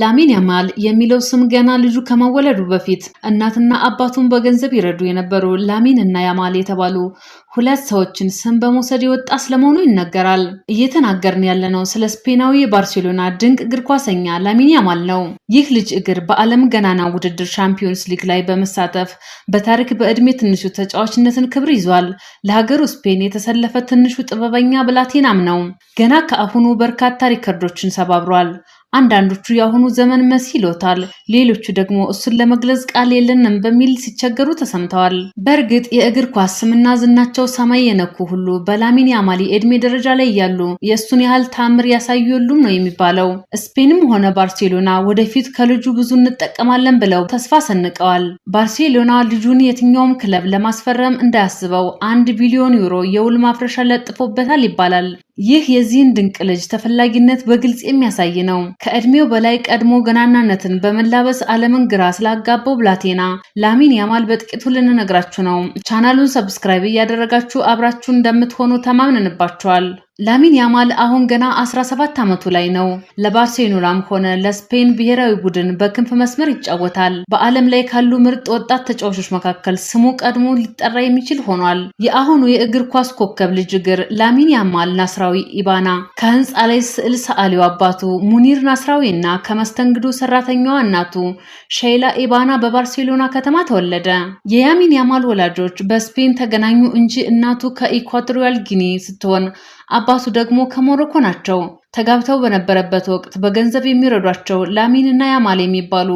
ላሚን ያማል የሚለው ስም ገና ልጁ ከመወለዱ በፊት እናትና አባቱን በገንዘብ ይረዱ የነበሩ ላሚን እና ያማል የተባሉ ሁለት ሰዎችን ስም በመውሰድ የወጣ ስለመሆኑ ይነገራል። እየተናገርን ያለነው ስለ ስፔናዊ የባርሴሎና ድንቅ እግር ኳሰኛ ላሚን ያማል ነው። ይህ ልጅ እግር በዓለም ገናና ውድድር ሻምፒዮንስ ሊግ ላይ በመሳተፍ በታሪክ በዕድሜ ትንሹ ተጫዋችነትን ክብር ይዟል። ለሀገሩ ስፔን የተሰለፈ ትንሹ ጥበበኛ ብላቴናም ነው። ገና ከአሁኑ በርካታ ሪከርዶችን ሰባብሯል። አንዳንዶቹ የአሁኑ ዘመን መሲ ይሎታል፣ ሌሎቹ ደግሞ እሱን ለመግለጽ ቃል የለንም በሚል ሲቸገሩ ተሰምተዋል። በእርግጥ የእግር ኳስ ስምና ዝናቸው ሰማይ የነኩ ሁሉ በላሚን ያማል የዕድሜ ደረጃ ላይ እያሉ የእሱን ያህል ታምር ያሳዩ የሉም ነው የሚባለው። ስፔንም ሆነ ባርሴሎና ወደፊት ከልጁ ብዙ እንጠቀማለን ብለው ተስፋ ሰንቀዋል። ባርሴሎና ልጁን የትኛውም ክለብ ለማስፈረም እንዳያስበው አንድ ቢሊዮን ዩሮ የውል ማፍረሻ ለጥፎበታል ይባላል። ይህ የዚህን ድንቅ ልጅ ተፈላጊነት በግልጽ የሚያሳይ ነው። ከእድሜው በላይ ቀድሞ ገናናነትን በመላበስ ዓለምን ግራ ስላጋባው ብላቴና ላሚን ያማል በጥቂቱ ልንነግራችሁ ነው። ቻናሉን ሰብስክራይብ እያደረጋችሁ አብራችሁ እንደምትሆኑ ተማምነንባችኋል። ላሚን ያማል አሁን ገና 17 ዓመቱ ላይ ነው። ለባርሴሎናም ሆነ ለስፔን ብሔራዊ ቡድን በክንፍ መስመር ይጫወታል። በዓለም ላይ ካሉ ምርጥ ወጣት ተጫዋቾች መካከል ስሙ ቀድሞ ሊጠራ የሚችል ሆኗል። የአሁኑ የእግር ኳስ ኮከብ ልጅ እግር ላሚን ያማል ናስራዊ ኢባና ከህንፃ ላይ ስዕል ሰዓሊው አባቱ ሙኒር ናስራዊ እና ከመስተንግዶ ሰራተኛዋ እናቱ ሸይላ ኢባና በባርሴሎና ከተማ ተወለደ። የያሚን ያማል ወላጆች በስፔን ተገናኙ እንጂ እናቱ ከኢኳቶሪያል ጊኒ ስትሆን አባቱ ደግሞ ከሞሮኮ ናቸው። ተጋብተው በነበረበት ወቅት በገንዘብ የሚረዷቸው ላሚን እና ያማል የሚባሉ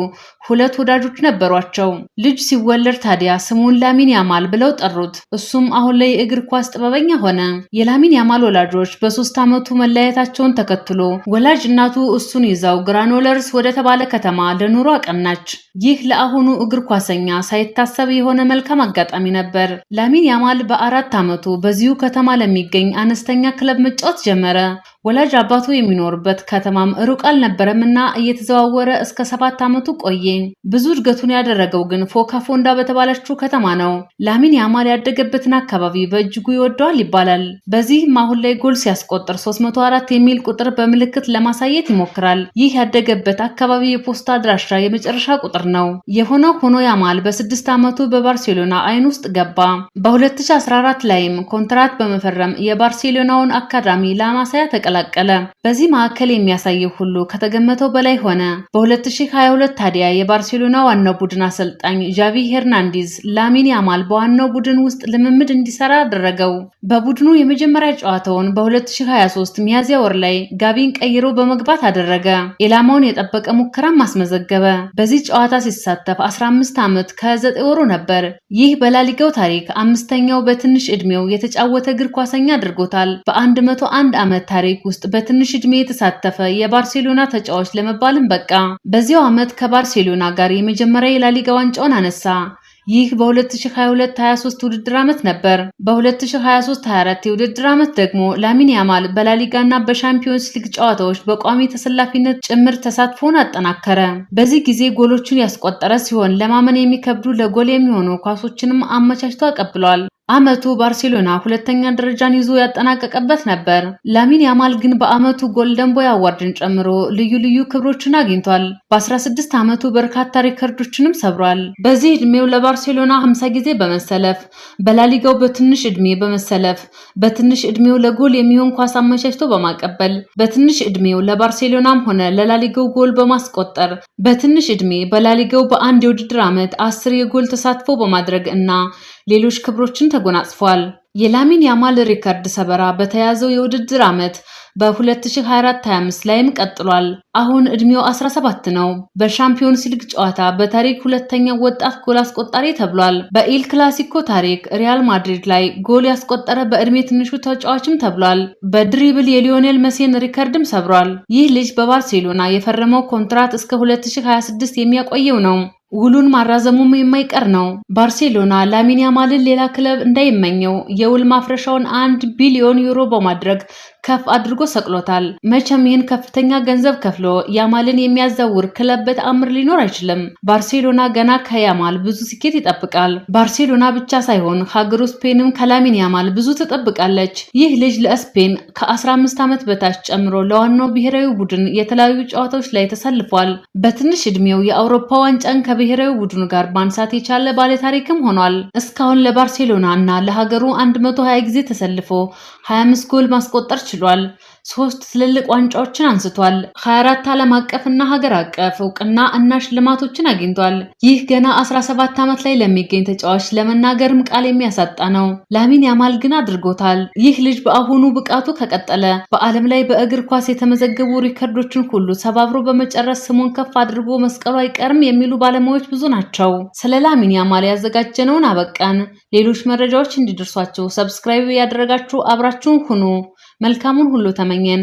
ሁለት ወዳጆች ነበሯቸው። ልጅ ሲወለድ ታዲያ ስሙን ላሚን ያማል ብለው ጠሩት። እሱም አሁን ላይ የእግር ኳስ ጥበበኛ ሆነ። የላሚን ያማል ወላጆች በሶስት ዓመቱ መለያየታቸውን ተከትሎ ወላጅ እናቱ እሱን ይዘው ግራኖለርስ ወደ ተባለ ከተማ ለኑሮ አቀናች። ይህ ለአሁኑ እግር ኳሰኛ ሳይታሰብ የሆነ መልካም አጋጣሚ ነበር። ላሚን ያማል በአራት ዓመቱ በዚሁ ከተማ ለሚገኝ አነስተኛ ክለብ መጫወት ጀመረ። ወላጅ አባቱ የሚኖርበት ከተማም ሩቅ አልነበረም እና እየተዘዋወረ እስከ ሰባት ዓመቱ ቆየ። ብዙ እድገቱን ያደረገው ግን ፎካ ፎንዳ በተባለችው ከተማ ነው። ላሚን ያማል ያደገበትን አካባቢ በእጅጉ ይወደዋል ይባላል። በዚህም አሁን ላይ ጎል ሲያስቆጥር 304 የሚል ቁጥር በምልክት ለማሳየት ይሞክራል። ይህ ያደገበት አካባቢ የፖስታ አድራሻ የመጨረሻ ቁጥር ነው። የሆነ ሆኖ ያማል በስድስት ዓመቱ በባርሴሎና አይን ውስጥ ገባ። በ2014 ላይም ኮንትራት በመፈረም የባርሴሎናውን አካዳሚ ለማሳያ ተቀላል ተቀላቀለ። በዚህ ማዕከል የሚያሳየው ሁሉ ከተገመተው በላይ ሆነ። በ2022 ታዲያ የባርሴሎና ዋናው ቡድን አሰልጣኝ ዣቪ ሄርናንዲዝ ላሚን ያማል በዋናው ቡድን ውስጥ ልምምድ እንዲሰራ አደረገው። በቡድኑ የመጀመሪያ ጨዋታውን በ2023 ሚያዝያ ወር ላይ ጋቢን ቀይሮ በመግባት አደረገ። ኢላማውን የጠበቀ ሙከራም አስመዘገበ። በዚህ ጨዋታ ሲሳተፍ 15 ዓመት ከ9 ወሩ ነበር። ይህ በላሊጋው ታሪክ አምስተኛው በትንሽ ዕድሜው የተጫወተ እግር ኳሰኛ አድርጎታል። በ101 ዓመት ታሪክ ውስጥ በትንሽ ዕድሜ የተሳተፈ የባርሴሎና ተጫዋች ለመባልም በቃ። በዚያው ዓመት ከባርሴሎና ጋር የመጀመሪያ የላሊጋ ዋንጫውን አነሳ። ይህ በ2022-23 ውድድር ዓመት ነበር። በ2023-24 የውድድር ዓመት ደግሞ ላሚን ያማል በላሊጋ እና በሻምፒዮንስ ሊግ ጨዋታዎች በቋሚ ተሰላፊነት ጭምር ተሳትፎውን አጠናከረ። በዚህ ጊዜ ጎሎቹን ያስቆጠረ ሲሆን ለማመን የሚከብዱ ለጎል የሚሆኑ ኳሶችንም አመቻችቶ አቀብሏል። አመቱ ባርሴሎና ሁለተኛ ደረጃን ይዞ ያጠናቀቀበት ነበር። ላሚን ያማል ግን በአመቱ ጎልደን ቦይ አዋርድን ጨምሮ ልዩ ልዩ ክብሮችን አግኝቷል። በ16 አመቱ በርካታ ሪከርዶችንም ሰብሯል። በዚህ እድሜው ለባርሴሎና 50 ጊዜ በመሰለፍ በላሊጋው በትንሽ እድሜ በመሰለፍ በትንሽ እድሜው ለጎል የሚሆን ኳስ አመቻችቶ በማቀበል በትንሽ እድሜው ለባርሴሎናም ሆነ ለላሊጋው ጎል በማስቆጠር በትንሽ እድሜ በላሊጋው በአንድ የውድድር ዓመት አስር የጎል ተሳትፎ በማድረግ እና ሌሎች ክብሮችን ተጎናጽፏል። የላሚን ያማል ሪከርድ ሰበራ በተያዘው የውድድር ዓመት በ2024/25 ላይም ቀጥሏል። አሁን ዕድሜው 17 ነው። በሻምፒዮንስ ሊግ ጨዋታ በታሪክ ሁለተኛው ወጣት ጎል አስቆጣሪ ተብሏል። በኢል ክላሲኮ ታሪክ ሪያል ማድሪድ ላይ ጎል ያስቆጠረ በዕድሜ ትንሹ ተጫዋችም ተብሏል። በድሪብል የሊዮኔል መሴን ሪከርድም ሰብሯል። ይህ ልጅ በባርሴሎና የፈረመው ኮንትራት እስከ 2026 የሚያቆየው ነው። ውሉን ማራዘሙም የማይቀር ነው። ባርሴሎና ላሚን ያማልን ሌላ ክለብ እንዳይመኘው የውል ማፍረሻውን አንድ ቢሊዮን ዩሮ በማድረግ ከፍ አድርጎ ሰቅሎታል። መቼም ይህን ከፍተኛ ገንዘብ ከፍሎ ያማልን የሚያዘውር ክለብ በተአምር ሊኖር አይችልም። ባርሴሎና ገና ከያማል ብዙ ስኬት ይጠብቃል። ባርሴሎና ብቻ ሳይሆን ሀገሩ ስፔንም ከላሚን ያማል ብዙ ትጠብቃለች። ይህ ልጅ ለስፔን ከ15 ዓመት በታች ጨምሮ ለዋናው ብሔራዊ ቡድን የተለያዩ ጨዋታዎች ላይ ተሰልፏል። በትንሽ ዕድሜው የአውሮፓ ዋንጫን ከብሔራዊ ቡድኑ ጋር ማንሳት የቻለ ባለታሪክም ሆኗል። እስካሁን ለባርሴሎና እና ለሀገሩ 120 ጊዜ ተሰልፎ 25 ጎል ማስቆጠር ችሏል። ሶስት ትልልቅ ዋንጫዎችን አንስቷል። 24 ዓለም አቀፍና ሀገር አቀፍ እውቅና እና ሽልማቶችን አግኝቷል። ይህ ገና 17 ዓመት ላይ ለሚገኝ ተጫዋች ለመናገርም ቃል የሚያሳጣ ነው። ላሚን ያማል ግን አድርጎታል። ይህ ልጅ በአሁኑ ብቃቱ ከቀጠለ በዓለም ላይ በእግር ኳስ የተመዘገቡ ሪከርዶችን ሁሉ ሰባብሮ በመጨረስ ስሙን ከፍ አድርጎ መስቀሉ አይቀርም የሚሉ ባለሙያዎች ብዙ ናቸው። ስለ ላሚን ያማል ያዘጋጀነውን አበቃን። ሌሎች መረጃዎች እንዲደርሷቸው ሰብስክራይብ ያደረጋችሁ አብራችሁን ሁኑ። መልካሙን ሁሉ ተመኘን።